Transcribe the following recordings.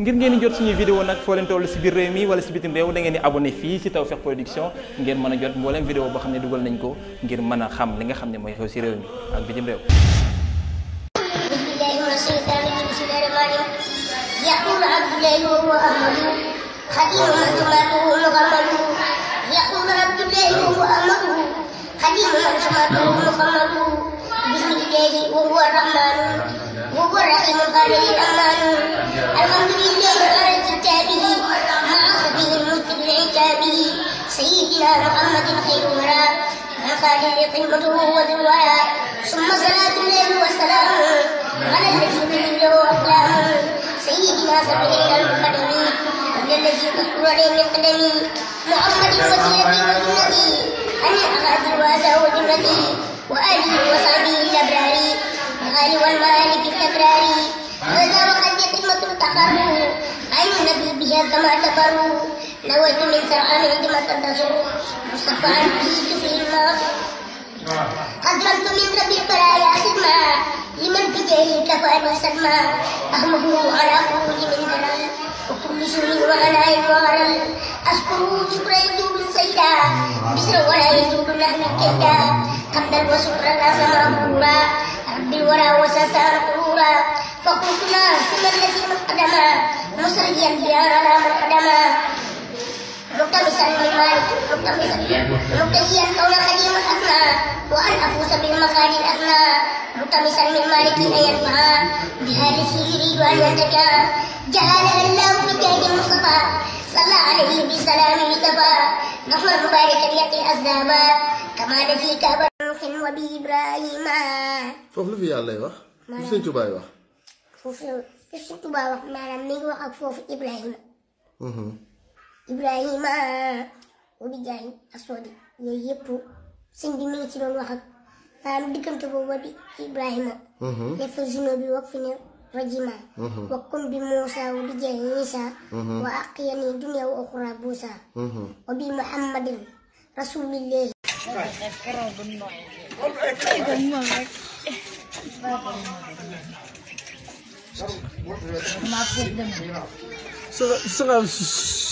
ngir ngeen jot suñu vidéo nag foo leen si biir réew mi wala si bitim réew da ngeen di abonné fii si Tawfekh Production ngeen mën a jot mbooleem vidéo boo xam ne dugal nañ ko ngir mën a xam li nga xam ne mooy xew si réew mi ak bitim réew bismillahi mina shaytani rajim bismillahi rahmani rahim yaquulu abdullahi wa huwa ahmadu xadimu tumatuhu muhammaduhu yaquulu abdullahi wa huwa ahmadu xadimu tumatuhu muhammaduhu bismillahi wa huwa rahmanu wa huwa rahimu على محمد خير منى مع خالد قمته وذواء ثم صلاة الليل والسلام على الذي تبلغ أقلام سيدنا سبيل المقدمين من الذي تحول عليه من قدمي محمد وسيرتي وجنتي أنا أخاف الواسع وجنتي وآله وصحبه الأبرار الآل والمالك الأبرار هذا وقد يتم التقرب أين نبي بها كما تقروا نويت من سرعان عندما تنتظر مصطفى عزيز في الماضي أدمنت من ذنبي فلا يعزم لمن بجاهي كفى وسلمى أهمه على قولي من دلال وكل سر وعلى وغرل أشكره شكر يذوب سيدا بسر ولا يذوب نحن كيدا حمدا وشكرا أسمى غرورا ربي ورا وسسار غرورا فقلت ما سمى الذي من قدما مسريا بها على من قدما رقيا كون خديم الأسمى وأن أفوز بالمغاني الأغنى ملتمسا من مالك أيدفعا بآله يريد أن ينتكى جعلنا الله بكيد المصطفى صلى عليه بسلام مصطفى نحو المبارك اليقي الأزهابا كما نزيك بنوح وبإبراهيم فوف لفي الله يوح فوف سنتو باي وح فوف سنتو باي وح معنا ميغ وحق فوف إبراهيم إبراهيم mu bi jaay asoodi yooyu yëpp sëñ bi mi ngi ci doon wax ak maanaam diggante boobu wa bi Ibrahima. def fa zino bi wax fi ne rajima. wa kon bi Moussa wa bi jaay Isa. wa aqiyani dunya wa oxra buusa. wa bi Muhammadin rasulillahi. sa sa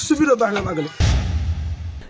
sa baax na